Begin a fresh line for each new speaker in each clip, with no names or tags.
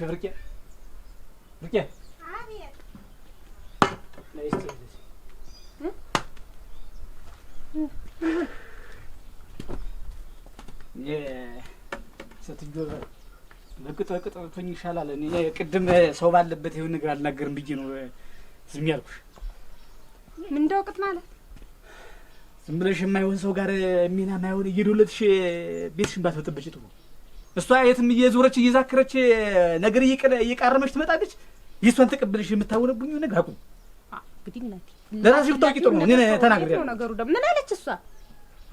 ፍርቄ ፍርቄ፣ አቤት። ስትጆ በቅጥ በቅጥ ብትሆኝ ይሻላል። እኔ ቅድም ሰው ባለበት ይሁን ነገር አልናገርም ብዬ ነው ዝም ያልኩሽ።
ምን እንደው ቅጥ ማለት
ዝም ብለሽ የማይሆን ሰው ጋር ሚና ማይሆን እየዶለትሽ ቤትሽን ባትበጠበጭ ጥሩ ነው። እሷ የትም እየዞረች እየዛክረች ነገር እየቃረመች ትመጣለች። የእሷን ተቀብለሽ የምታወነቡኝ ነገር አቁም። እንግዲህ እናቴ ለራስሽ ብታውቂ ጥሩ ነው። እኔ ተናግሬያለሁ።
ነገሩ ደግሞ ምን አለች እሷ?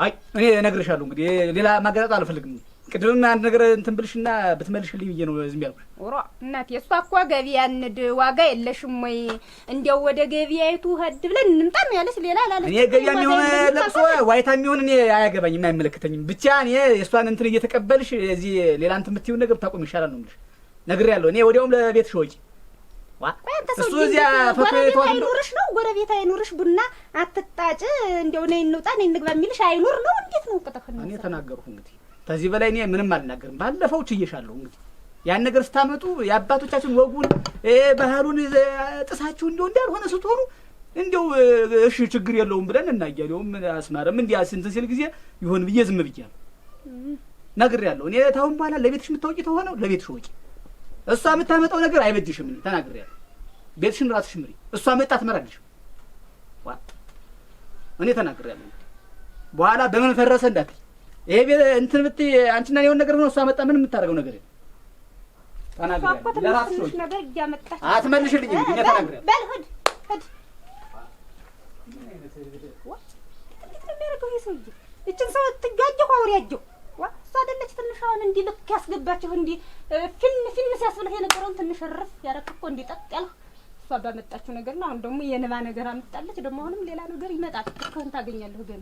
አይ እኔ እነግርሻለሁ። እንግዲህ ሌላ ማገጣጥ አልፈልግም። ቅድምም አንድ ነገር እንትን ብልሽና ብትመልሽልኝ ብዬ ነው ዝም ያልኩሽ።
ሮ እናቴ እሷ እኮ ገበያ እንድ ዋጋ የለሽም ወይ እንዲያው ወደ ገበያይቱ ሂድ ብለን እንምጣም ያለች ሌላ ላለ
እኔ ገበያ የሚሆን ለቅሶ ዋይታ የሚሆን እኔ አያገባኝም አይመለከተኝም። ብቻ እኔ የእሷን እንትን እየተቀበልሽ እዚህ ሌላ እንትን የምትይውን ነገር ብታቆም ይሻላል ነው የምልሽ። ነግሬያለሁ እኔ ወዲያውም ለቤት ወጪ እሱ እዚያ
ፈቶ አይኑርሽ ነው ጎረቤት አይኑርሽ፣ ቡና አትጣጭ፣ እንዲያው ነይ እንውጣ፣ ነይ እንግባ የሚልሽ አይኑር ነው። እንዴት ነው ቅጥፍ ነው
እኔ ተናገርኩ እንግዲህ ከዚህ በላይ እኔ ምንም አልናገርም። ባለፈው ችዬሻለሁ። እንግዲህ ያን ነገር ስታመጡ የአባቶቻችን ወጉን ባህሉን ጥሳችሁ እንዲሁ እንዳልሆነ ስትሆኑ እንዲው እሺ ችግር የለውም ብለን እናያለውም አስማረም እንዲህ ስንትን ሲል ጊዜ ይሁን ብዬ ዝም ብያለሁ። ነግሬያለሁ። እኔ ታሁን በኋላ ለቤትሽ የምታወቂ ተሆነው ለቤትሽ ወቂ። እሷ የምታመጣው ነገር አይበጅሽም። ተናግሬያለሁ። ቤትሽን ራስሽ ምሪ፣ እሷ መጣ ትመራልሽ። እኔ ተናግሬያለሁ። በኋላ በምን ፈረሰ እንዳትይ ይሄ እንትን ብት አንቺና የሆነ ነገር ነው። እሷ መጣ ምን የምታደርገው ነገር አትመልሽልኝም።
እችን ሰው ትጋጀሁ አውሪያጀሁ እሷ አይደለች ትንሽ አሁን እንዲህ ልክ ያስገባችሁ እንዲህ ፊን ፊን ሲያስብልህ የነበረውን ትንሽ እርፍ ያደረግህ እኮ እንዲህ ጠጥ ያልህ እሷ ባመጣችሁ ነገር ነው። አሁን ደግሞ የንባ ነገር አመጣለች። ደግሞ አሁንም ሌላ ነገር ይመጣል። ትክህን ታገኛለህ ገና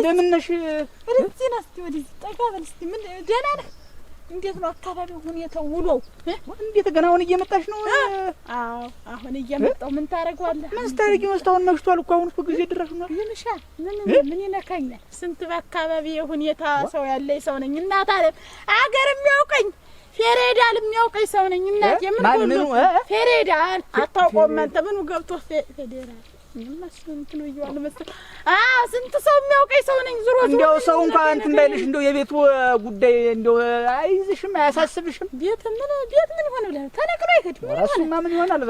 እንደምን ነሽ? ወደዚህ ና እስኪ ወደዚህ ጠጋ በል እስኪ። ምን ደህና ነህ? እንዴት ነው አካባቢው ሁኔታው ውሎው?
እንዴት ገና አሁን እየመጣሽ ነው?
አዎ አሁን እየመጣው። ምን ታደርገዋለህ?
ምን ስታደርጊ መስታወን መሽቷል እኮ አሁን እኮ ጊዜ ድረስ ነው።
ይልሻል። ምን ምን ይነካኛል? ስንት በአካባቢ ሁኔታ ሰው ያለኝ ሰው ነኝ። እናት አለ አገር የሚያውቀኝ ፌሬዳል የሚያውቀኝ ሰው ነኝ። እናት የምን ሁሉ ፌሬዳል አታውቀውም አንተ ምኑ ገብቶ ፌዴራል አዎ ስንት ሰው የሚያውቀኝ ሰው ነኝ። ዙሮ
እንደው ሰው እንኳን እንትን ባይልሽ እንደው የቤቱ ጉዳይ እንደው አይይዝሽም፣ አያሳስብሽም።
ቤት ምን ቤት ምን ይሆን ብለህ ተነቅሎ አይሄድም። እሱማ ምን ይሆናል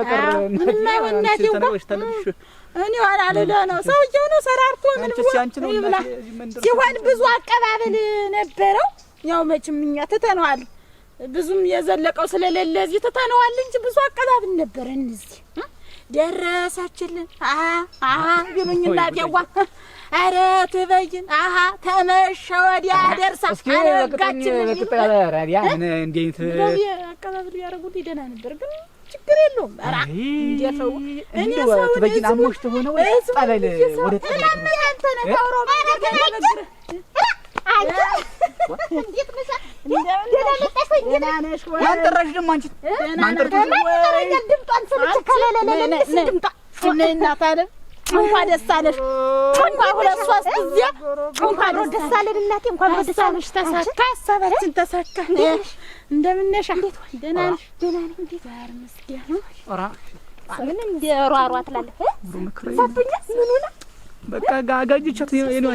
ሰውዬው ነው ሰራርቶ ምን ሲሆን ብዙ አቀባበል ነበረው። ያው መቼም እኛ ትተነዋል፣ ብዙም የዘለቀው ስለሌለ እዚህ ትተነዋል እንጂ ብዙ አቀባበል ነበረ እዚህ ደረሰችልን ይሉኝና ደዋ አረ ትበይን አሀ ተመሸ ወዲያ ደርሳ አቀባበሉ ያደረጉልኝ ደህና ነበር፣ ግን ችግር
የለውም። እኔ ሰው ያንጠራሽ ደግሞ አንቺ
ድምጧን ስልክ ከለለለለስ ድምጧ እናት አለ እንኳን ደስ አለሽ። እንኳን ሁለት ሶስት ጊዜ እንኳን ደስ አለን እናቴ። እንኳን ደስ አለሽ። ተሳካ ሰበችን ተሳካ። እንደምን ነሽ? እንዴት ወይ? ደህና ነሽ? ደህና ነኝ። እንዴት ዛር መስጊያ ኦራ ምን እንደ ሯሯ ትላለህ? ሰጡኝ። ምኑ
በቃ ጋጋጅቻት ምን ይኸው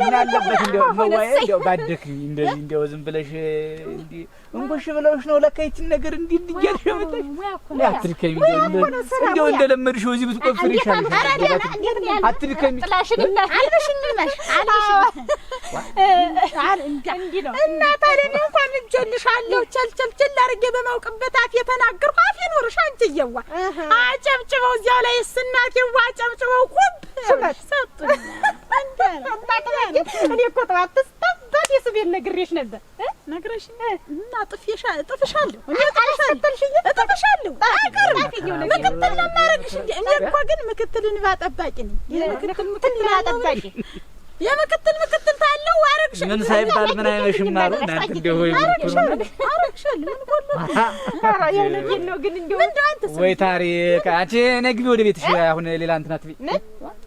ምን አለበት እንደው መዋዬ እንደው ባደክኝ እንደዚህ እንደው ዝም ብለሽ እንዲህ ብለውሽ ነው ለካ ይችን ነገር እንዲህ መጣሽ አትድከሚ። እንደው እንደለመድሽው እዚህ ይሻልሽ። አትድከሚ።
እና ታዲያ እኔ እንኳን እጀልሻለሁ አድርጌ በማውቅበት አፍ የተናገርኩ አፍ ይኖርሽ አንቺዬዋ። አጨብጭበው እዚያው ላይ ስናቴዋ አጨብጭበው ቁብ እኔ እኮ ጠዋት ተስታባት የስቤን ነግሬሽ ነበር። ነግረሽ እና እጥፍሻለሁ እጥፍሻለሁ። ምክትል ነው የማደርግሽ እንጂ እኔ እኮ ግን ምክትል እንባ ጠባቂ ነኝ። ምክትል እንባ ጠባቂ የምክትል ምክትል ታለው አረግሽ
ምን ሳይባል ምን አይመሽም አሉ እናንተ እንደው ወይ ታሪክ አንቺ ነግቢ ወደ ቤትሽ አሁን ሌላ እንትን አትበይ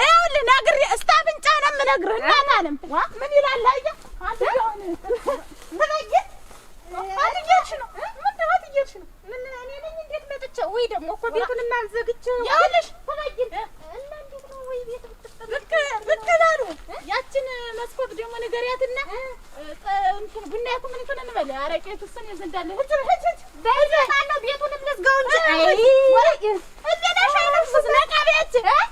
ይኸውልህ ነግሬህ እስከ አፍንጫ ነው የምነግርህ። እናት አለም ምን ይላል ቤቱንም ልዝጋው እንጂ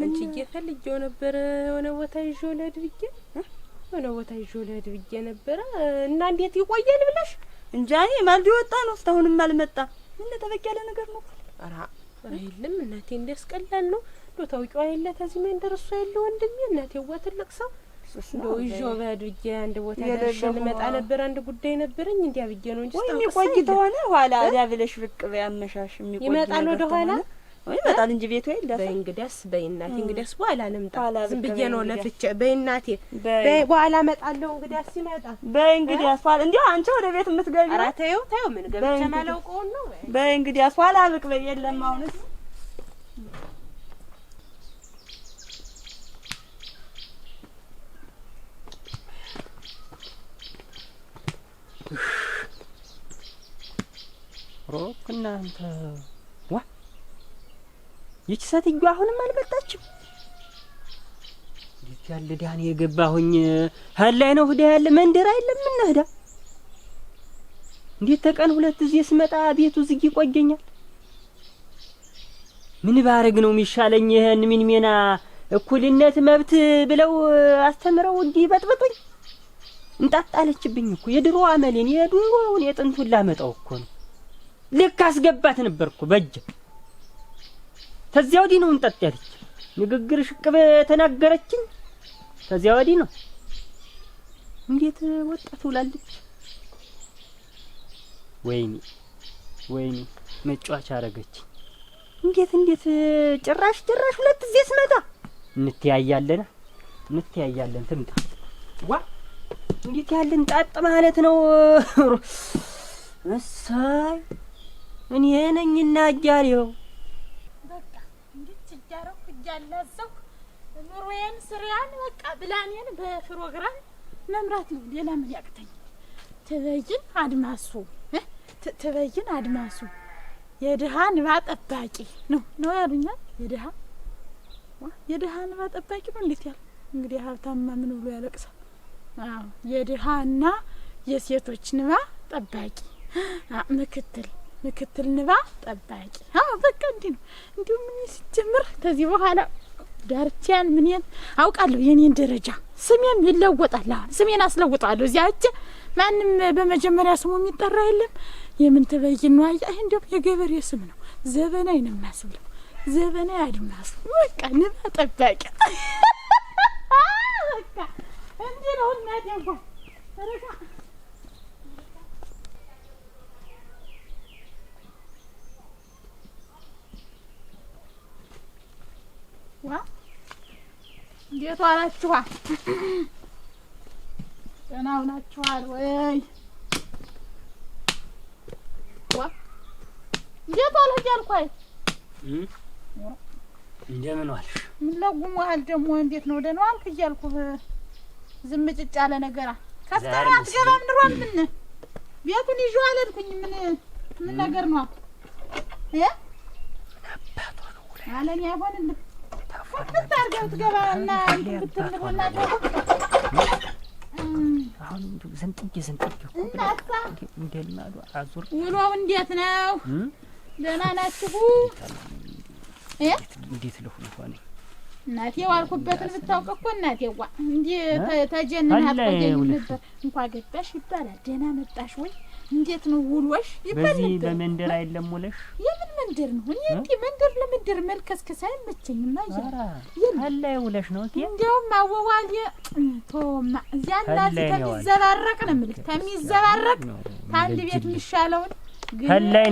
ምን ችዬ ፈልጌው ነበረ የሆነ ቦታ ይዤው ልሄድ ብዬ የሆነ ቦታ ይዤው ልሄድ ብዬ ነበረ እና እንዴት ይቆያል ብለሽ
እንጃ። እኔ ማልዶ የወጣ ነው እስካሁንም አልመጣ። ምን ተበቅ ያለ ነገር ነው? ኧረ
የለም እናቴ፣ እንደስ ቀላል ነው ዶ ታውቂው አይለ ተዚህ መንደር እሱ የለ ወንድሜ እናቴ ዋ ትልቅ ሰው እንዶ ይዤ በሄድ ብዬ አንድ ቦታ ደርሼ ልመጣ ነበር። አንድ ጉዳይ ነበረኝ እንዲያ ብዬ ነው
እንጂ የሚቆይ ተሆነ ኋላ ያ ብለሽ ብቅ ያመሻሽ
የሚቆይ ይመጣል ወደ ኋላ
ወይ መጣል እንጂ ቤቱ ይል
ደፋ እንግዲያስ በይ በኋላ ልምጣ ዝም ብዬ ነው ለፍቼ በእናቴ በኋላ እመጣለሁ እንግዲያስ ሲመጣ በእንግዲያስ እንግዲያስ በኋላ እንዴ አንቺ ወደ ቤት የምትገቢ ኧረ ተይው ተይው ምን ገብቼ ማላውቀው ነው በእንግዲያስ እንግዲያስ በኋላ ብቅ በይ የለም አሁንስ
ሮክ እናንተ ይች ሴትዮ አሁንም አልመጣችም። ልጅ ያለ ዳን የገባሁኝ ሀላይ ነው ሁዳ ያለ መንደር አይደለም እንደዳ እንዴት ተቀን ሁለት እዚህ ስመጣ ቤቱ ዝግ ይቆየኛል። ምን ባረግ ነው የሚሻለኝ? ይሄን ምን ሜና እኩልነት መብት ብለው አስተምረው እንዲህ በጥብጡኝ እንጣጣለችብኝ እኮ የድሮ አመሌን የድሮውን የጥንቱን ላመጣው እኮ ነው ልክ አስገባት ነበርኩ በእጅ ተዚያ ወዲህ ነው እንጠጥ ያለች ንግግር ሽቅብ ተናገረችኝ። ተዚያ ወዲህ ነው እንዴት ወጣ ትውላለች። ወይኔ ወይኔ መጫወቻ አረገች።
እንዴት እንዴት ጭራሽ ጭራሽ ሁለት እዚህ ስመጣ
እንትያያለን እንትያያለን ትምጣ ዋ እንዴት ያለን ጣጥ ማለት ነው። እሰይ እኔ ነኝና እያሌው
እያላዘኩ ኑሮዬን ስሪያን በቃ ብላኔን በፕሮግራም መምራት ነው። ሌላም እያቅተኝ ትበይን አድማሱ ትበይን አድማሱ የድሃ ንባ ጠባቂ ነው ነው ያሉኛል። የድሃ የድሃ እንባ ጠባቂ ነው እንዴት ያለ እንግዲህ ሀብታማ ምን ብሎ ያለቅሳል? የድሃና የሴቶች ንባ ጠባቂ ምክትል ምክትል ንባ ጠባቂ አዎ፣ በቃ እንዲህ ነው። እንዲሁ ምን ሲጀምር ከዚህ በኋላ ዳርቻን ምንን አውቃለሁ፣ የኔን ደረጃ ስሜም ይለወጣል። አሁን ስሜን አስለውጣለሁ። እዚያ እጀ ማንም በመጀመሪያ ስሙ የሚጠራ የለም። የምን ትበይን ነው? አያ ይህ እንዲሁም የገበሬ ስም ነው። ዘበናይ ነው የሚያስብለው። ዘበናይ አድማስ በቃ ንባ ጠባቂ በቃ እንዲህ ነው ሁልማት ያጓል ረጋ እንዴት ዋላችኋል? ደህና ውላችኋል ወይ? እንዴት ዋልህ እያልኳይ እንደምን ዋልሽ? ምን ለጉሞሃል ደግሞ እንዴት ነው? ደህና ዋልክ እያልኩህ ዝም ጭጭ ያለ ነገራ ከፍተህ አትገባም። ኑሯን ምን ቤቱን ይዤው አልሄድኩኝ። ምን ምን ነገር ነው አለ እኔ አይሆንልህ
አሁን ዘንጥዬ ዘንጥዬ እንደ ልማዱ አዙር
ውሎ እንዴት ነው? ደህና ናችሁ?
እንዴት ልሁን ሆነ
እናቴ ዋልኩበትን ብታውቅ እኮ እናቴዋ እንዲህ ተጀንና ቆየኝበት እንኳ ገባሽ ይባላል። ደህና መጣሽ ወይ እንዴት ነው ውሎሽ?
ይባል በዚህ በመንደር አይለም ውለሽ
መንደር ነው እንዴ? መንደር ለመንደር መልከስከስ አይመቸኝም።
አላይ ውለሽ ነው
እንዲያውም አወዋል ቶማ እዚያና እዚህ ከሚዘባረቅ ነው የምልህ ከሚዘባረቅ ከአንድ ቤት የሚሻለውን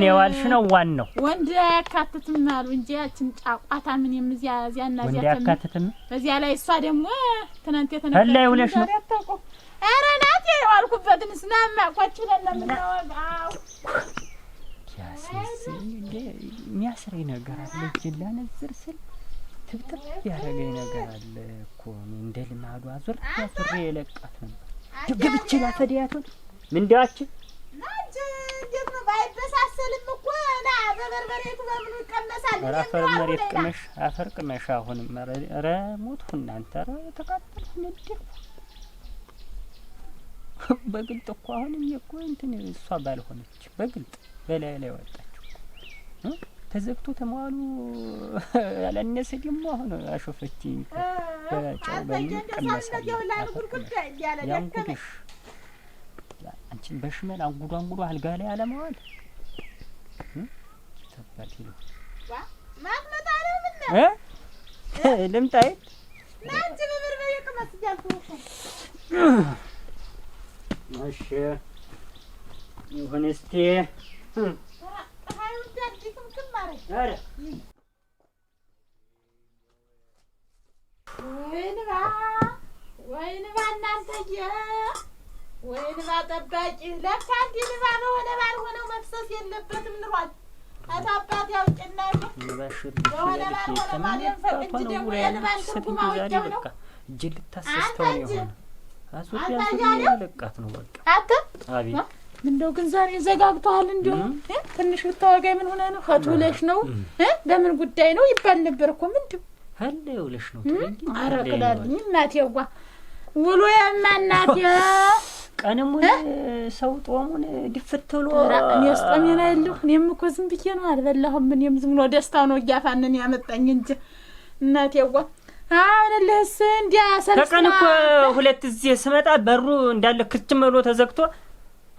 ነው የዋልሽ ነው ዋን ነው
ወንድ አያካትትም አሉ እንጂ ያችን ጫቋታ ምን የምዚያ እዚያና
እዚያ አያካትትም።
በዚያ ላይ እሷ ደግሞ ትናንት የተነገረ
ከላይ ውለሽ ነው
ኧረ ናት የዋልኩበትን ስናማቋችሁ ለምን ነው
ሲያስይዝኝ የሚያስረኝ ነገር አለ። እጄን ላነዝር ስል ትብትብ ያደረገኝ ነገር አለ እኮ እንደ ልማዱ አዙር ያዙሬ የለቃት ነበር። ገብቼ ላፈደያቱን ምንዳችን
ባይበሳሰልም እኮ ና
አፈር መሬት ቅመሽ አፈር ቅመሽ አሁንም ኧረ ሞትሁ እናንተ ኧረ ተቃጠልሁ ነደፉ በግልጥ እኮ አሁን እኮ እንትን እሷ ባልሆነች በግልጥ በላይ ላይ ወጣችው ተዘግቶ ተማሉ ያላነሰ ደግሞ አሁን አሾፈችኝ
በጨው በሚቀመሳያንጉድሽ
አንቺን በሽመል አንጉዶ አንጉዶ አልጋ ላይ አለመዋል ተባል ይሉ ልምጣይት
ናንቺ በበርበሬ ቅመስ እያልኩ
Aşağı. Yuhanesti. Hı.
Hadi. ወይን ባ ወይን ባ እናንተየ ወይን ባ ጠባቂ ለካ እንዲህ ንባ በሆነ ባልሆነው መፍሰስ የለበትም ኑሯል አታባት ያውጭና
በሆነ ባልሆነ ማደንፈቅ እንጂ ደግሞ የንባን ትርጉም አውቄው ነው አንተ እንጂ አስወለቃት ነው በቃ
አንተ አቤት እንደው ግን ዛሬ ዘጋግቷል። እንዲሁም ትንሽ ብታወጋኝ ምን ሆነ ነው ከትውለሽ ነው በምን ጉዳይ ነው ይባል ነበር እኮ ምንድም
ሀለ ውለሽ ነው
አረቅዳልኝ እናቴ ጓ ውሎ የማ እናቴ
ቀንም ሰው ጦሙን ድፍትሎ
እኔ ስጦም ና እኔም እኮ ዝም ብዬ ነው አልበላሁም። እኔም ዝም ብሎ ደስታው ነው እያፋንን ያመጣኝ እንጂ እናቴ ጓ አሁንልህስ እንዲያ ሰልስ
በቀን እኮ ሁለት ጊዜ ስመጣ በሩ እንዳለ ክርችም ብሎ ተዘግቶ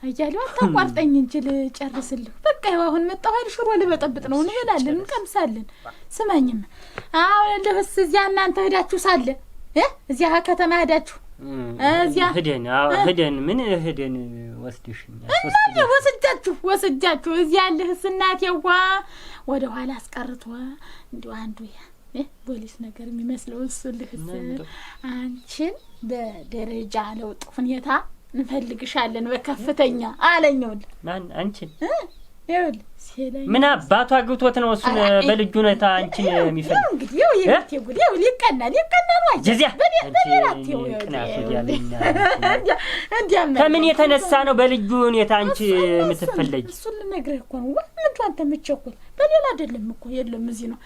እያለሁ አታቋርጠኝ እንጂ ልጨርስልህ። በቃ ይኸው አሁን መጣሁ አይደል? ሽሮ ልበጠብጥ ነው። እንሄዳለን፣ እንቀምሳለን። ስማኝም አሁንልህስ እዚያ እናንተ ሄዳችሁ ሳለ እዚያ ከተማ ሄዳችሁ
እዚያ ሂደን ሂደን ምን ሂደን ወስድሽኛል
እና ወስጃችሁ ወስጃችሁ እዚያ ልህስ እናቴዋ ወደ ኋላ አስቀርቶ እንዲሁ አንዱ ያ ፖሊስ ነገር የሚመስለው እሱ ልህት አንቺን በደረጃ ለውጥ ሁኔታ እንፈልግሻለን በከፍተኛ አለኝ። ይኸውልህ
ማን አንቺን ይኸውልህ ምን አባቱ አግብቶት ነው እሱን በልጁ ሁኔታ አንቺን የሚፈልግ?
እንግዲህ ይኸው የቤት ጉድ ይኸው ይቀናል ይቀናል ነው
ጀዚያ ከምን የተነሳ ነው በልጁ ሁኔታ አንቺ የምትፈለጅ
እሱን ልነግርህ እኮ ነው። ዋ ምንቱ አንተ የምትቸኩል በሌላ አይደለም እኮ የለም፣ እዚህ ነው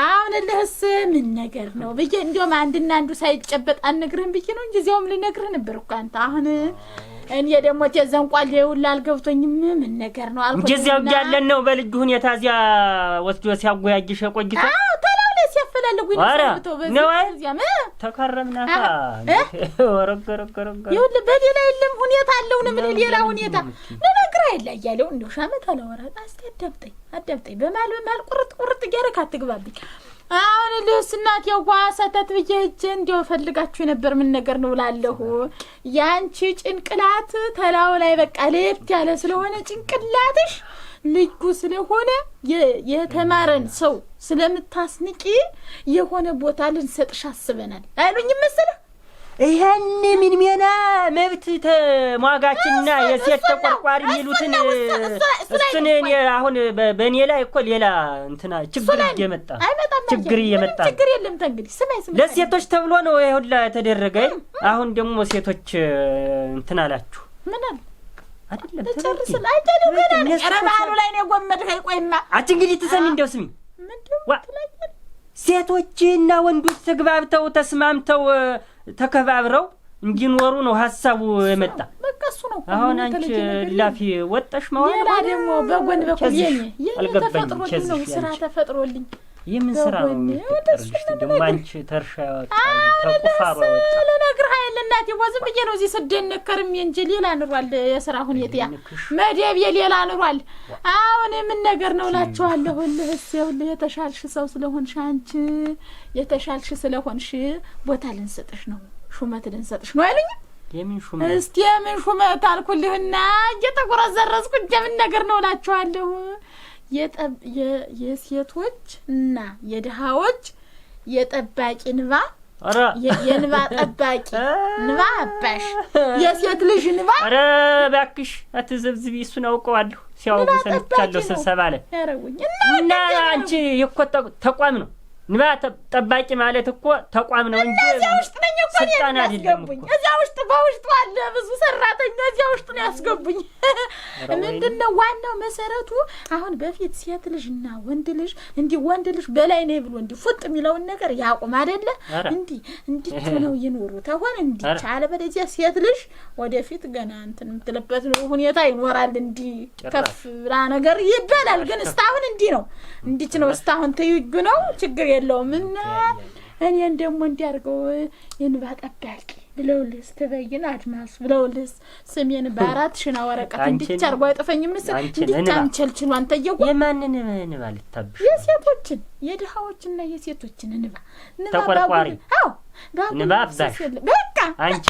አሁን። ልህስ ምን ነገር ነው ብዬ እንዲሁም አንድና አንዱ ሳይጨበጥ አልነግርህም ብዬ ነው እንጂ እዚያውም ልነግርህ ነበር እኮ አንተ። አሁን እኔ ደግሞ ቴዘንቋል የውላ አልገብቶኝም። ምን ነገር ነው አልኩ
እንጂ እዚያው ያለን ነው በልጅ ሁኔታ እዚያ ወስዶ ሲያጎያጅሽ ቆይቶ
ሲያፈላለጉኝ
ተከረምናታ ወረገረገረገ
በሌላ የለም ሁኔታ አለው ነው ምን ሌላ ሁኔታ ይላ እያለው እንዲያው ሻመት አላወራህም። እስኪ አዳምጠኝ አዳምጠኝ በማል በማል ቁርጥ ቁርጥ እያደረክ አትግባብኝ። አሁን ልስ እናት ያዋ ሰተት ብዬ ሂጅ እንዲያው ፈልጋችሁ የነበር ምን ነገር ነው እላለሁ። ያንቺ ጭንቅላት ተላው ላይ በቃ ለየት ያለ ስለሆነ ጭንቅላትሽ ልዩ ስለሆነ የተማረን ሰው ስለምታስንቂ የሆነ ቦታ ልንሰጥሽ አስበናል አይሉኝም መሰለህ
ይሄንን ምንሜና መብት ተሟጋችና የሴት ተቆርቋሪ የሚሉትን እሱን እኔ አሁን በእኔ ላይ እኮ ሌላ እንትና ችግር እየመጣ ችግር እየመጣ ችግር የለም። ለሴቶች ተብሎ ነው ይሄ ሁላ የተደረገ። አሁን ደግሞ ሴቶች እንትና አላችሁ
ምናምን አይደለም። ተጨርስ ላይ ነው ጎመድ። ቆይማ
አንቺ እንግዲህ ትሰሚ እንደው ስሚ ሴቶችና ወንዶች ተግባብተው ተስማምተው ተከባብረው እንዲኖሩ ነው ሀሳቡ የመጣ። በቃ እሱ ነው። አሁን አንቺ ላፊ ወጣሽ መዋል
ደግሞ በጎን በኩል የኔ ተፈጥሮልኝ ነው ስራ ተፈጥሮልኝ
የምን ስራ ነው የሚፈጠርልሽ? ደግሞ አንቺ ተርሻ ወጣ
ተቁፋሮ ወጣ ልነግርህ አይደል እናቴ፣ ዝም ብዬ ነው እዚህ ስደነቅ ከርሜ እንጂ ሌላ ኑሯል። የስራ ሁኔታ መደብ የሌላ ኑሯል። አሁን የምን ነገር ነው እላችኋለሁ። ልህስ ይኸውልህ፣ የተሻልሽ ሰው ስለሆንሽ አንቺ የተሻልሽ ስለሆንሽ ቦታ ልንሰጥሽ ነው፣ ሹመት ልንሰጥሽ ነው አይሉኝ። የምን ሹመት እስቲ የምን ሹመት አልኩልህና እየተጎረዘረዝኩ እንደምን ነገር ነው እላችኋለሁ የሴቶች እና የድሃዎች የጠባቂ ንባ የንባ ጠባቂ ንባ አባሽ የሴት ልጅ ንባ።
ኧረ እባክሽ አትዘብዝቢ፣ እሱን አውቀዋለሁ። ሲያወጉ ሰምቻለሁ። ስብሰባ ላይ እና አንቺ የኮ ተቋም ነው ንባ ጠባቂ ማለት እኮ ተቋም ነው
እንጂ እዚያ ውስጥ ነኝ እኮ ስልጣን አይደለም። እዚያ ውስጥ በውስጡ አለ ብዙ ሰራተኛ እዚያ ውስጥ ነው ያስገቡኝ። ምንድን ነው ዋናው መሰረቱ? አሁን በፊት ሴት ልጅ እና ወንድ ልጅ እንዲህ ወንድ ልጅ በላይ ነው ብሎ እንዲህ ፉጥ የሚለውን ነገር ያቁም አይደለ? እንዲህ እንዲህ ነው ይኖሩ ተሆን እንዲህ ቻለ። በለዚያ ሴት ልጅ ወደፊት ገና እንትን የምትልበት ሁኔታ ይኖራል። እንዲህ ከፍ ብላ ነገር ይበላል። ግን እስካሁን እንዲህ ነው እንዲች ነው እስካሁን ትይግ ነው ችግር የለውም እና እኔን ደግሞ እንዲያርገው ይንባ ጠባቂ ብለውልስ ትበይን አድማስ ብለውልስ ስሜን በአራት ሽና ወረቀት እንዲች አርጎ አይጠፈኝ ምስል እንዲች አንቸልችሉ አንተ እየጓ
የማንን እንባ ልታብሽ?
የሴቶችን የድሃዎችና የሴቶችን እንባ
ንባ ተቆርቋሪ ንባ አብዛሽ
በቃ አንቺ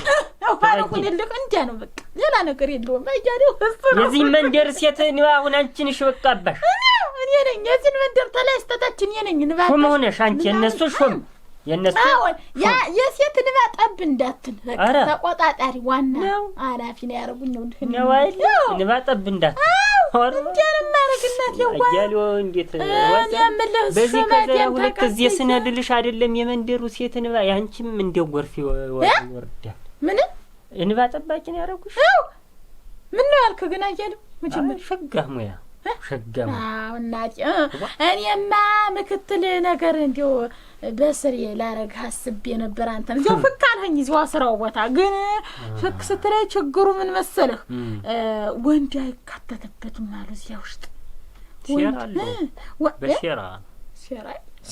ባለሁንልህ እንዲያ ነው በቃ ሌላ ነገር የለውም። እያሌ
የዚህ መንደር ሴት ንባ አሁን አንቺንሽ በቃ አባሽ
እኔ ነኝ የዚህን መንደር ተላይ ስተታችን እኔ ነኝ። ንባ
ሹም ሆነሽ አንቺ የእነሱ ሹም የእነሱ
የሴት ንባ ጠብ እንዳትል ተቆጣጣሪ ዋና አላፊ ነው ያደረጉኝ።
ነዋይል ንባ ጠብ እንዳትን
እንዲያንም ማረግናት የዋያሌ
እንዴት በዚህ ከዘራ ሁለት እዚህ ስነ ልልሽ አይደለም የመንደሩ ሴት ንባ ያንቺም እንዲያው ጎርፍ ይወርዳል። ምን እንባ ጠባቂ ነው ያደረጉሽ?
ምን ነው ያልክ ግን አያሌው
መጀመር ሸጋ ሙያ ሸገማ
እኔማ ምክትል ነገር እንዲው በስር ላረግ ሀስቤ ነበር። አንተ እንዲው ፍክ አልኸኝ እዚዋ ስራው ቦታ ግን ፍክ ስትለይ ችግሩ ምን መሰለህ? ወንድ አይካተትበትም አሉ እዚያ ውስጥ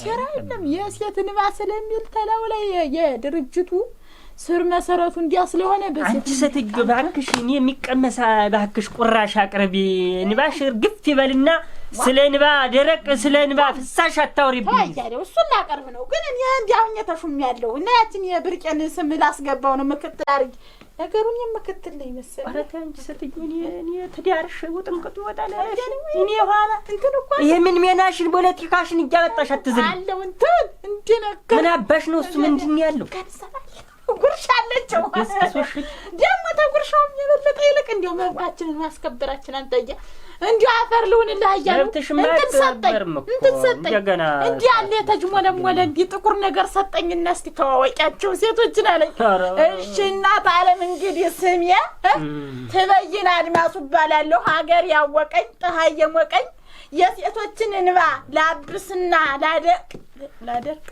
ሴራ የለም የሴት ንባ ስለሚል ተለው ላይ የድርጅቱ ስር መሰረቱ እንዲያ ስለሆነ አንቺ
ሴትዮ ባክሽ እኔ የሚቀመሳ ባክሽ ቁራሽ አቅርቢ። ንባሽ እርግፍ ይበልና ስለ ንባ ደረቅ ስለ ንባ ፍሳሽ አታውሪብኝ።
እሱ ላቀርብ ነው ግን እኔ እንዲህ አሁን ተሹም ያለው እና ያችን የብርቄን ስም ላስገባው ነው ምክትል አድርጊ ነገሩን የምክትል ነው ይመስል።
ኧረ ተይ እንጂ ሴትዮ እኔ ትዳርሽ ውጥንቅጡ ይወጣል።
እኔ ኋላ እንትን
እኮ ይሄ ሜናሽን ፖለቲካሽን እያመጣሽ አትዝም
አለው እንትን
እንዲነገር ምን አባሽ ነው እሱ ምንድን ያለው
ጉርሻ አለችው ደግሞ ተጉርሻውም የበለጠ ይልቅ እንዲሁ መብታችንን ማስከበራችን አንተያ እንዲያው አፈር ልሁንልህ እያሉ
እንትን ሰጠኝ
እንትን ሰጠኝ እንዲህ ያለ የተጅሞለሞለ እንዲህ ጥቁር ነገር ሰጠኝና እስኪ ተዋወቂያቸው ሴቶችን አለኝ። እሺ እናት አለም እንግዲህ ስሜ ትበይን አድማሱ እባላለሁ። ሀገር ያወቀኝ ፀሐይ የሞቀኝ የሴቶችን እንባ ላብስና ላደቅ ላደርቅ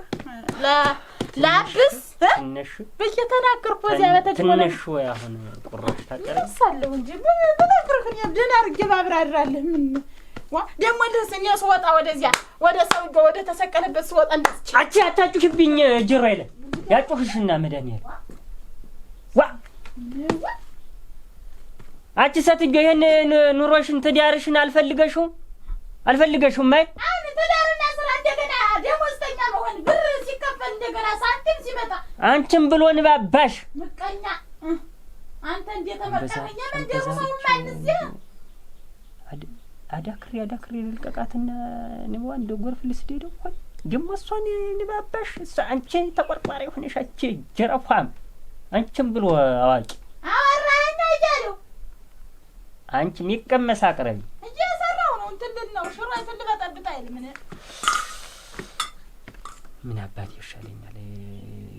ላብስ ትንሽ በየተናገርኩ እዚያ በተጅ
ትንሽ ወይ አሁን ቁራሽ
ታቀርሳለሁ እንጂ በነገርኩኝ ደህና አድርጌ ባብራራለህ። ምን ደግሞ እንደዚህ ስወጣ ወደዚያ ወደ ሰው ወደ ተሰቀለበት ስወጣ እንደዚህ
አቺ አታጩሽብኝ ጆሮ አይለ ያጩሽና መድኃኒዓለም ዋ አቺ ሴትዮ ይሄን ኑሮሽን ትዳርሽን አልፈልገሽውም። አልፈልገሽም። ማይ
አሁን ትዳርና ስራ እንደገና ደሞዝተኛ መሆን ብር ሲከፈል እንደገና ሳንቲም ሲመጣ
አንቺም ብሎ ንባባሽ ምቀኛ
አንተ እንደተመቀመ የመንደሩ ሰው ማንዚያ
አዳክሬ አዳክሬ ልልቀቃትና ንቧ እንደ ጎርፍ ልስደደው ሆን ደግሞ እሷን ንባባሽ እሷ አንቺ ተቆርቋሪ ሆነሽ አንቺ ጀረፋም አንቺም ብሎ አዋቂ
አወራኛ እያለሁ
አንቺ ሚቀመስ አቅረቢ
ልበጠብጥ
ምን አባት ይሻለኛል።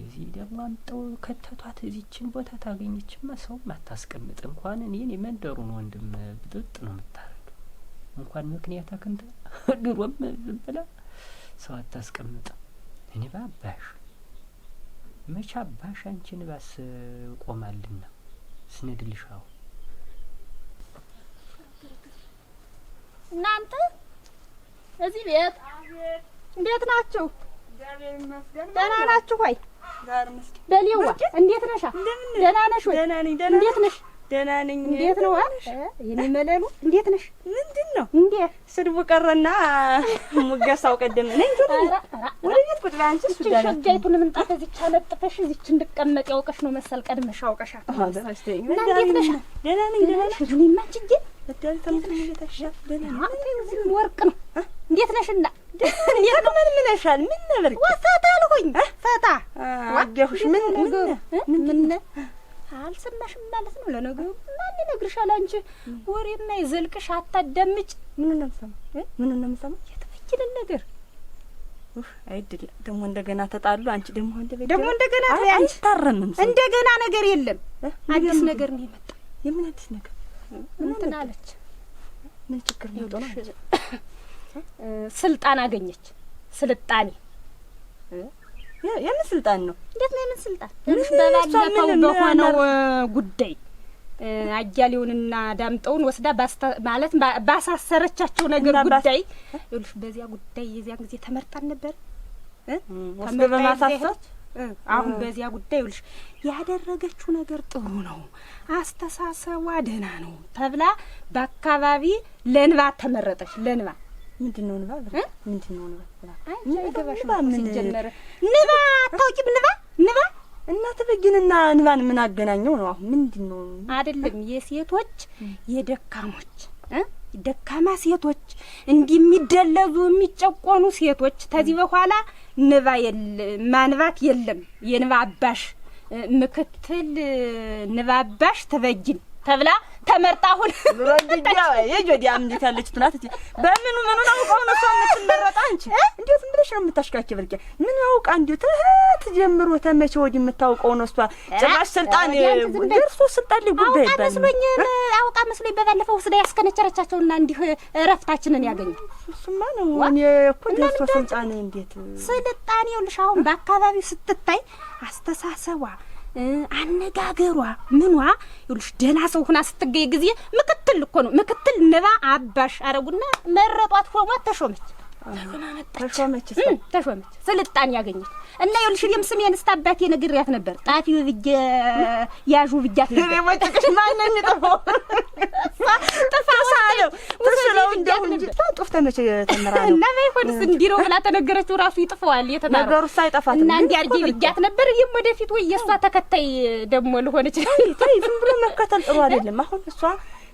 እዚህ ደግሞ አምጠው ከተቷት። እዚችን ቦታ ታገኘችማ ሰው አታስቀምጥ። እንኳን እኔን የመንደሩን ወንድም ብጥጥ ነው የምታረገው። እንኳን ምክንያት አክንተ ድሮም ዝም ብላ ሰው አታስቀምጥ እኔ ባባሽ መቼ አባሽ አንቺን ባስ ቆማልና ስነድልሻው
እናንተ እዚህ ቤት እንዴት ናችሁ? ደህና ናችሁ ወይ? በሌዋ እንዴት ነሻ? ደህና ነሽ ወይ? እንዴት ነሽ? ደህና ነኝ። እንዴት ነው አልሽ? የኔ መለሉ እንዴት ነሽ? ምንድን ነው እንዴ?
ስድቡ ቀረና ሙገሳው ቀደም ነኝ።
ወደ ቤት ቁጭ ባንቺ እሱ ዳለ ሸጋይቱን ምንጣፍ እዚች አነጥፈሽ እዚች እንድቀመጥ ያውቀሽ ነው መሰል ቀድመሽ አውቀሻል። እንዴት ነሽ? ደህና ነኝ። ደህና ነሽ? እኔማ አንቺዬ ወርቅ ነው እንዴት ነሽና? እንዴት
ምን ምን ምነሻል? ምን ነበር?
ወጣታ አልሆኝ
ፈታ አገሁሽ። ምን
ምን ምን አልሰማሽም ማለት ነው። ለነገሩ ማን ይነግርሻል? አንቺ ወሬማ ይዘልቅሽ አታዳምጭ።
ምን ነው ሰማ? ምን ነው ሰማ?
የተፈኪልን ነገር
አይደለም ደግሞ እንደገና ተጣሉ። አንቺ ደግሞ
ደግሞ እንደገና አንቺ ታረምም እንደገና ነገር የለም አዲስ ነገር ነው የመጣ።
የምን አዲስ ነገር? ምን አለች። ምን ችግር ነው?
ስልጣን አገኘች። ስልጣኔ
የምን ስልጣን ነው?
እንዴት ነው የምን ስልጣን? በባለፈው በሆነው ጉዳይ አያሌውንና ዳምጠውን ወስዳ ማለት ባሳሰረቻቸው ነገር ጉዳይ ይኸውልሽ፣ በዚያ ጉዳይ የዚያን ጊዜ ተመርጣን ነበር ወስደ በማሳሰች አሁን በዚያ ጉዳይ ይኸውልሽ ያደረገችው ነገር ጥሩ ነው፣ አስተሳሰቧ ደህና ነው ተብላ በአካባቢ ለንባ ተመረጠች። ለንባ
ምንድን ነው ንባ? ምንድን ነው ንባ?
ንባ አታውቂም? ንባ ንባ
እናት ንባን ምን አገናኘው ነው? አሁን ምንድን ነው
አይደለም፣ የሴቶች የደካሞች ደካማ ሴቶች እንዲህ የሚደለዙ የሚጨቆኑ ሴቶች ከዚህ በኋላ ንባ ማንባት የለም። የንባ አባሽ ምክትል ንባ አባሽ ትበጊን ተብላ ተመርጣ አሁን
የጆዲ አምዲት ያለች ትናት እቺ በምኑ ምኑ ነው አውቃው ነው ሰው የምትመረጣ አንቺ እንዴት ዝም ብለሽ ነው የምታሽካኪ? ብርቄ ምን አውቃ እንዴ ተህ ጀምሮ ተመቼ ወዲህ የምታውቀው ነው እሷ ጭራሽ ስልጣን ደርሶ ስልጣን ላይ
ጉዳይ ይባል መስሎኝ አውቃ መስሎኝ በባለፈው ወስዳ ያስከነቸረቻቸውና እንዲህ እረፍታችንን ያገኘ
እሱማ ነው እኔ እኮ ደርሶ ስልጣን እንዴት
ስልጣን ይኸውልሽ አሁን በአካባቢው ስትታይ አስተሳሰቧ አነጋገሯ ምኗ ይኸውልሽ፣ ደህና ሰው ሁና ስትገኝ ጊዜ ምክትል እኮ ነው ምክትል ነባ አባሽ አረጉና መረጧት፣ ሾሟት፣ ተሾመች። ተሾመች ተሾመች ስልጣን ያገኘች እና ይኸውልሽ፣ እኔም ስሜን እስከ አባቴ ነበር። ጣፊ ብዬ ያዡ ብያት
ነበር። ወጭቅሽ ማነኝ ጥፋው
ጥፋሳለው
ትስለው እንደው እንጂ ጡፍ ተመቼ ተመራ ነው እና
ባይሆንስ እንዲረው ብላ ተነገረችው። ራሱ ይጥፈዋል
የተማረው ነገሩ ሳይጠፋት
እና እንዲህ አድርጌ ብያት ነበር። ይም ወደፊት ወይ የእሷ ተከታይ ደግሞ ልሆነች።
ዝም ብሎ መከተል ጥሩ አይደለም። አሁን እሷ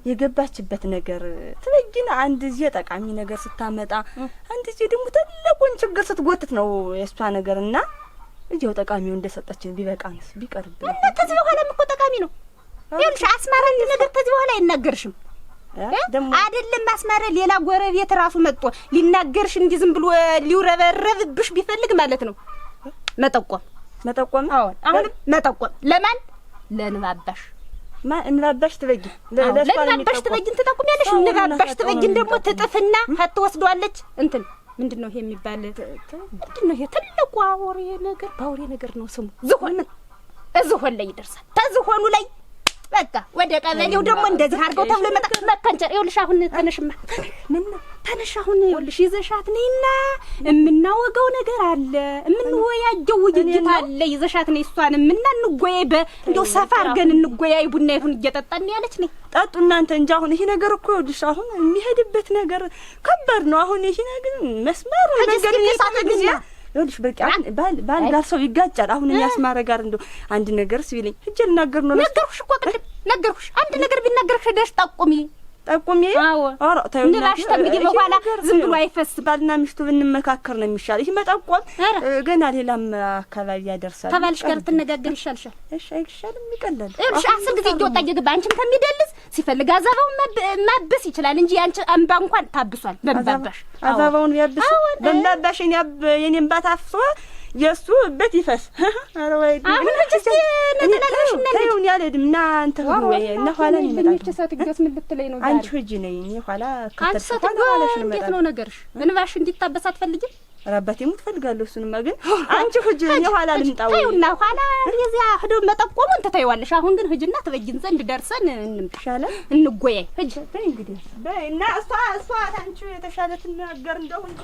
የገባችበት ነገር ትበይን። አንድ ጊዜ ጠቃሚ ነገር ስታመጣ፣ አንድ ጊዜ ደግሞ ትልቁን ችግር ስትጎትት ነው የእሷ ነገር እና እዚያው ጠቃሚው እንደሰጠችን ቢበቃንስ ቢቀርብን
እና ተዚህ በኋላም እኮ ጠቃሚ ነው። ይኸውልሽ አስማረ አንድ ነገር ተዚህ በኋላ አይናገርሽም አይደለም አስማረ፣ ሌላ ጎረቤት ራሱ መጥቶ ሊናገርሽ እንዲህ ዝም ብሎ ሊውረበረብብሽ ቢፈልግ ማለት ነው መጠቆም
መጠቆም። አሁን
አሁንም መጠቆም ለማን ለንባባሽ
እምናባሽ ትበጊ
ለምናባሽ ትበጊን ትጠቁሚያለሽ። እምናባሽ ትበጊን ደግሞ ትጥፍና አትወስዷለች። እንትን
ምንድን ነው ይሄ የሚባል
ምንድን ነው ይሄ ትልቁ አውሬ ነገር፣ በአውሬ ነገር ነው ስሙ ዝሆን። ዝሆን ላይ ይደርሳል። ተዝሆኑ ላይ በቃ ወደ ቀበሌው ደግሞ እንደዚህ አድርገው ተብሎ ይመጣ መከንጨር። ይኸውልሽ አሁን ተነሽማ፣ ምን ተነሽ አሁን ይኸውልሽ ይዘሻት ነይና የምናወገው ነገር አለ፣ የምንወያየው ውይይት አለ። ይዘሻት ነይ እሷንም እና እንጎያይ፣ በእንዲያው ሰፋ አድርገን እንጎያይ። ቡና ይሁን እየጠጣን ያለች ነይ
ጠጡ እናንተ እንጂ። አሁን ይሄ ነገር እኮ ይኸውልሽ አሁን የሚሄድበት ነገር ከባድ ነው። አሁን ይሄ ነገር መስመሩ
ነገር ይሄ ጊዜ
ይኸውልሽ በቃ ባል ባል ጋር ሰው ይጋጫል። አሁን የሚያስማረ ጋር እንደው አንድ ነገር ሲብለኝ ሂጅ ልናገር ነው።
ነገርኩሽ እኮ ቅድም ነገርኩሽ። አንድ ነገር ቢናገርሽ ደስ ጠቁሚ ጠቁሜ ኧረ ተይው እንላሽ እንግዲህ በኋላ ዝም ብሎ አይፈስም።
ባልና ሚስቱ ብንመካከር ነው የሚሻል። ይህ መጠቆም ገና ሌላም አካባቢ ያደርሳል።
ተባልሽ ጋር ትነጋገር ይሻልሻል።
እሺ አይሻልም? ይቀላል።
እሺ አስር ጊዜ እየወጣ እየገባ አንቺም ከሚደልስ ሲፈልግ አዛባውን ማብስ ይችላል እንጂ አንቺ እንባ እንኳን ታብሷል። በምባባሽ
አዛባውን ያብስ በምባባሽ የኔ እንባ ታፍሶ የእሱ እበት ይፈስ አሁን ያለድም እና አንተ እና ኋላ ነው ነው? ሰት ምን አንቺ ሂጂ ነይ ኋላ
ከተሰጠ እንዴት ነው ነገርሽ? እንባሽ እንዲታበስ አትፈልጊም?
ኧረ አባቴ ሙት ፈልጋለሁ። እሱንማ ግን አንቺ ሂጂ እኔ ኋላ ልምጣ
እና ኋላ እዚያ የዚያ መጠቆሙ መጠቆሙን ትተይዋለሽ። አሁን ግን ሂጂና ትበጅን ዘንድ ደርሰን እንምጣ ይሻላል፣ እንጎያይ ሂጂ በይ
እንግዲህ በይ እና እሷ እሷ አንቺ የተሻለ ትናገር እንደው እንጂ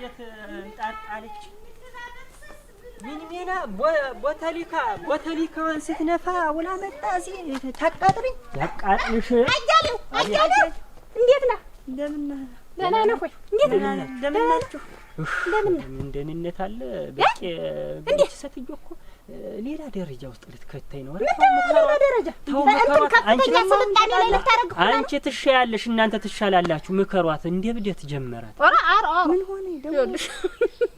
እንዴት ጣጣለች? ምን ሚና ቦተሊካ ቦተሊካዋን ስትነፋ ውላ መጣ። ሲ ታቃጥልኝ ያቃጥልሽ።
አያሌው አያሌው፣ እንዴት ነህ? እንደምን ደህና ነህ ወይ? እንዴት ነህ?
እንደምን ናችሁ? እንደምን ደህንነት አለ? በቂ እንዴት ሰትጆ እኮ ሌላ ደረጃ ውስጥ ልትከተኝ ነው። ሌላ ደረጃ አንቺ ትሻያለሽ፣ እናንተ ትሻላላችሁ። ምከሯት። እንደ ብደት ጀመራት። ምን ሆነ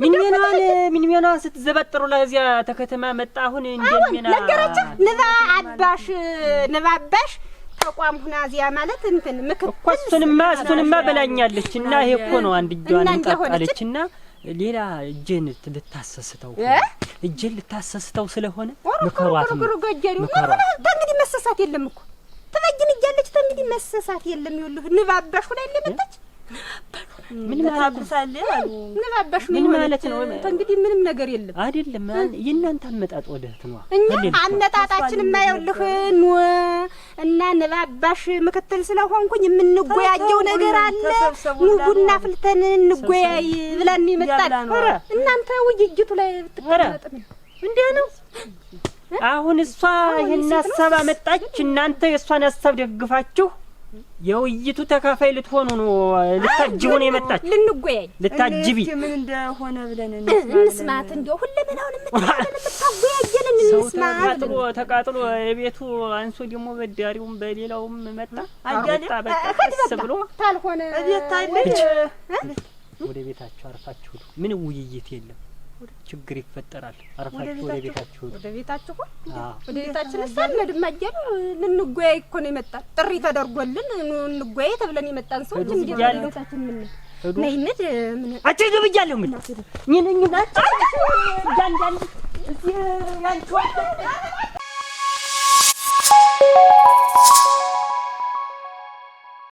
ሚንሜናዋን ሚንሜናዋን ስትዘበጥሩ ለዚያ ተከተማ መጣ። አሁን እንደሚና
ነገረችን ንባ አባሽ ንባ አባሽ ተቋም ሁና እዚያ ማለት እንትን
ምክር እኮ እሱንማ እሱንማ በላኛለች እና ይሄ እኮ ነው አንድ እጇን ጣጣለች እና ሌላ እጄን ልታሰስተው እጄን ልታሰስተው ስለሆነ
ምከሯት ገጀሪ እንግዲህ መሰሳት የለም እኮ ትበጅን እያለች እንግዲህ መሰሳት የለም። ይኸውልህ ንብ አባሽ ሁላ የለመጣች ምን ማለት ምን ማለት ነው? እንግዲህ ምንም ነገር የለም
አይደለም። የእናንተ አመጣጥ ወደ እህት ነው።
እኛ አመጣጣችን የማየውልህ ኖ እና ነባባሽ ምክትል ስለሆንኩኝ የምንጎያየው ነገር አለ። ኑ ቡና አፍልተን እንጎያይ ብለን ይመጣል። እናንተ ውይይቱ ላይ ብትቀመጥ እንዲያ ነው።
አሁን እሷ ይህን ሀሳብ አመጣች። እናንተ የእሷን ሀሳብ ደግፋችሁ የውይይቱ ተካፋይ ልትሆኑ ነው። ልታጅቡ ነው የመጣች ልንጎያይ ልታጅቢ ምን እንደሆነ ብለን
እንስማት። እንዲያው ሁለመናውን የምታወያየንን
እንስማት። ተቃጥሎ ተቃጥሎ የቤቱ አንሶ ደግሞ በዳሪውም በሌላውም መጣ
አያሌጣ በጣስ ብሎ ታልሆነ ቤት ታይለ
ወደ ቤታችሁ አርፋችሁ ምን ውይይት የለም። ችግር ይፈጠራል። አረፋችሁ ወደ ቤታችሁ
ወደ ቤታችሁ ወደ ቤታችን ሳል ለድማጀር ልንጓያ እኮ ነው የመጣን ጥሪ ተደርጎልን እንጓያ ተብለን የመጣን ሰዎች እንዴ ያለታችን ምን ነይነት
ምን አጭዱ ብያለሁ ምን
ምን ምን አጭዱ እዚህ ያንቺ